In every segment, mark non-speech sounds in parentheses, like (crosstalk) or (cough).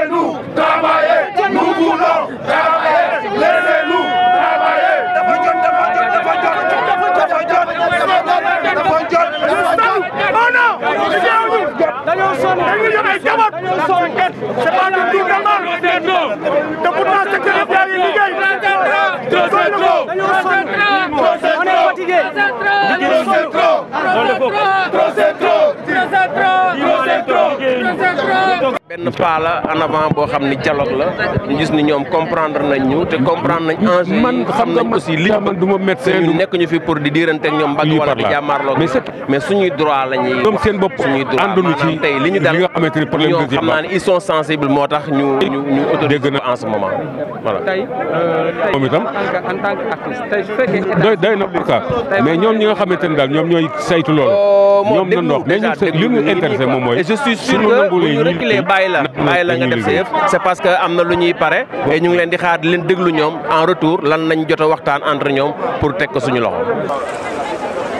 Laissez-nous travailler. Nous voulons travailler. Laissez-nous travailler. dañoo sonn dañuy yor ay jamono dañoo sonn kenn c'est pas du tout normal c'est trop te pourtant secteur bi yaa ngi liggéey sonn ko dañoo sonn on est fatigué trop c'est trop trop c'est trop ben pas la en avant bo xamni dialogue la ñu gis ni ñom comprendre nañ ñu té comprendre nañ enjeu man xam nga aussi li man duma ma médecin ñu nekk ñu fi pour di diirante ak ñoom mbagg wala di jàmmaarloo mais mais suñuy droit lañuy ñuy ñoom seen bopp suñuy droit ànduñu ci tey li ñu dal ñoom xam naa ne ils sont sensibles motax ñu ñu ñu autorisé en ce moment voilà tey euh, moom itam en tant qu'artiste day na pourquoi mais ñom ñi nga xamante ne dal ñom ñoy saytu loolu oh, ñoom na ndox mais li ñu intéressé moom mooy bàyyi la bàyyi la nga def sa yëf c' parce que am na lu ñuy pare et ñu ngi leen di xaar leen déglu ñoom en retour lan lañ jot waxtaan entre ñoom pour teg ko suñu loxo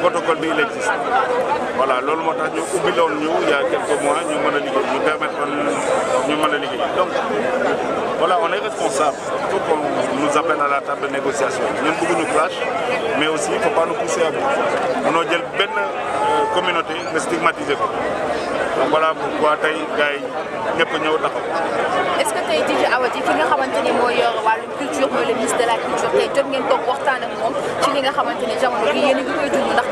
protocole il existe voilà il y a quelques mois nous permettre donc voilà on est responsable il faut qu'on nous appelle à la table de négociation Nous nous clash mais aussi il ne faut pas nous pousser à bout On euh, communauté ne stigmatiser pas voilà pourquoi gars est-ce que culture de la culture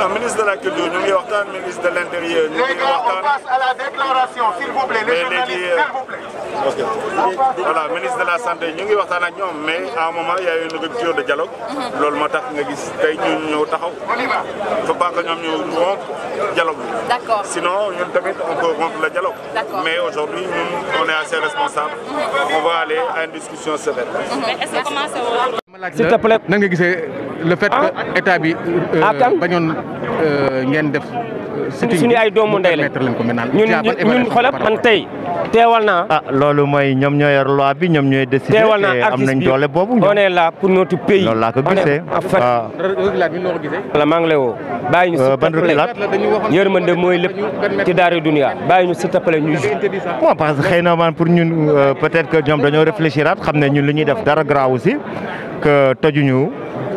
le ministre de la culture ñu ngi waxtaan ministre de l'intérieur... Les ñu on passe à la déclaration s'il vous plaît. les journalistes s'il vous plaît. voilà ministre de la santé ñu ngi waxtaan ak mais à un moment il y a eu une rupture de dialogue. Mhm. loolu moo tax nga gis tey ñu taxaw. il faut pas que ñu dialogue d'accord sinon ñun tamit on peut rompre le dialogue. d'accord mais aujourd'hui on est assez responsable. Mhm. on va aller à une discussion sévère. Mhm. mais est-ce que commencé woon. s'il te plaît nan nga le fait que ah. état bi. Euh, ah, bañoon euh, ngeen def. suñu ay doomu ndey la ñun ñun xoolal man tey teewal naa. ah loolu mooy ñoom ñoo yor loi bi ñoom ñooy décider. teewal naa am nañ doole boobu. on est là pour notre loolu laa ko gisee waaw. Ah. la maa ngi lay woo. bàyyi ñu euh, si tapale yërmande mooy lépp ci daara dunia bàyyi ñu si tapale ñu. bon parce que xëy na man pour ñun peut-être que ñoom dañoo réfléchiraat xam ne ñun li ñuy def dara grave aussi que tojuñu.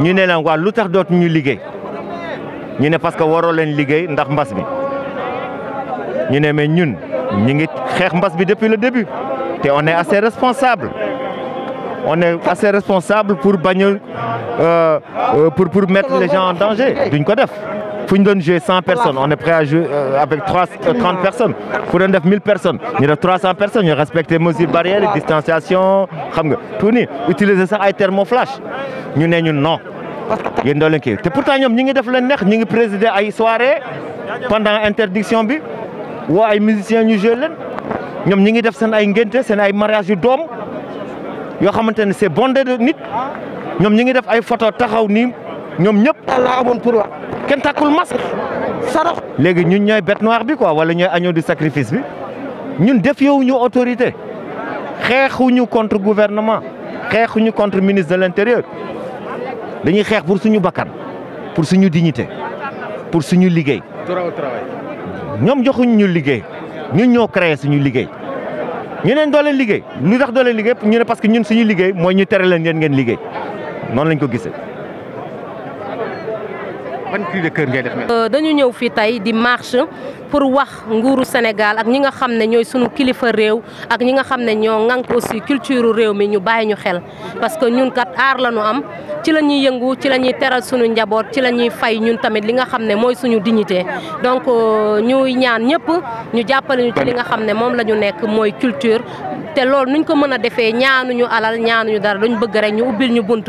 ñu ne leen wa lutax tax ñu liggé ñu ne parce que waro leen liggé ndax mbass bi ñu ne mais ñun ñi ngi xex mbass bi depuis le début té on est assez responsable on est assez responsable pour bañ euh, euh, pour pour mettre les gens en danger duñ ko def fu donne jouer personnes on est prêt à jouer euh, avec 30 euh, personnes 49 000 personnes il y 300 personnes ñu respecter mesures barrières distanciation tout ni utiliser ça ay thermoflash non pourtant ñom ñi ngi def leen neex ñi soirée pendant interdiction bi avons ay musiciens ñu jouer leen ñom ñi ngi def ay ay mariage c'est bondé de nit ñom ñi ngi def ay photo taxaw pour kenn takkul masque sarax léegi ñun ñooy bête noire bi quoi wala ñooy agneau du sacrifice bi ñun def yow ñu autorité xeexuñu contre gouvernement xeexuñu contre ministre de l'intérieur dañuy xeex pour suñu bakkan pour suñu dignité pour suñu liggéey. ñoom joxuñu ñu liggéey ñun ñoo créé suñu liggéey ñu neen doo leen liggéey lu tax doo liggéey ñu ne parce que ñun suñu liggéey mooy ñu tere leen yéen ngeen liggéey noonu lañ ko gisee. ban cri euh, dañu ñëw fii tey di marche pour wax nguuru Sénégal ak ñi nga xam ne ñooy suñu kilifa réew ak ñi nga xam ne ñoo ŋànk aussi culture réew mi ñu bàyyi ñu xel parce que ñun kat aar la ñu am ci la ñuy yëngu ci la ñuy teral suñu njaboot ci la ñuy fay ñun tamit li nga xam ne mooy suñu dignité donc euh, ñuy ñaan ñëpp ñu jàppale ñu ci li nga xam ne moom la ñu nekk mooy culture te loolu nuñ ko mën a defee ñaanuñu alal ñaanuñu dara dañu bëgg rek ñu ubbil ñu bunt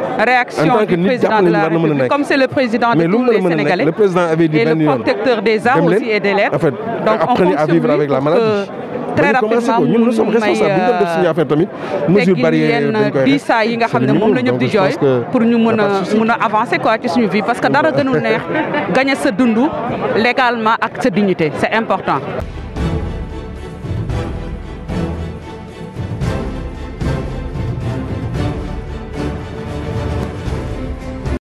réaction du président de la République comme c'est le président de tous les Sénégalais et le protecteur des armes aussi et des lettres. donc on à vivre avec la maladie très rapidement nous Nous sommes euh, pour nous avancer quoi parce que dans (laughs) le gagner ce dundu légalement acte dignité c'est important.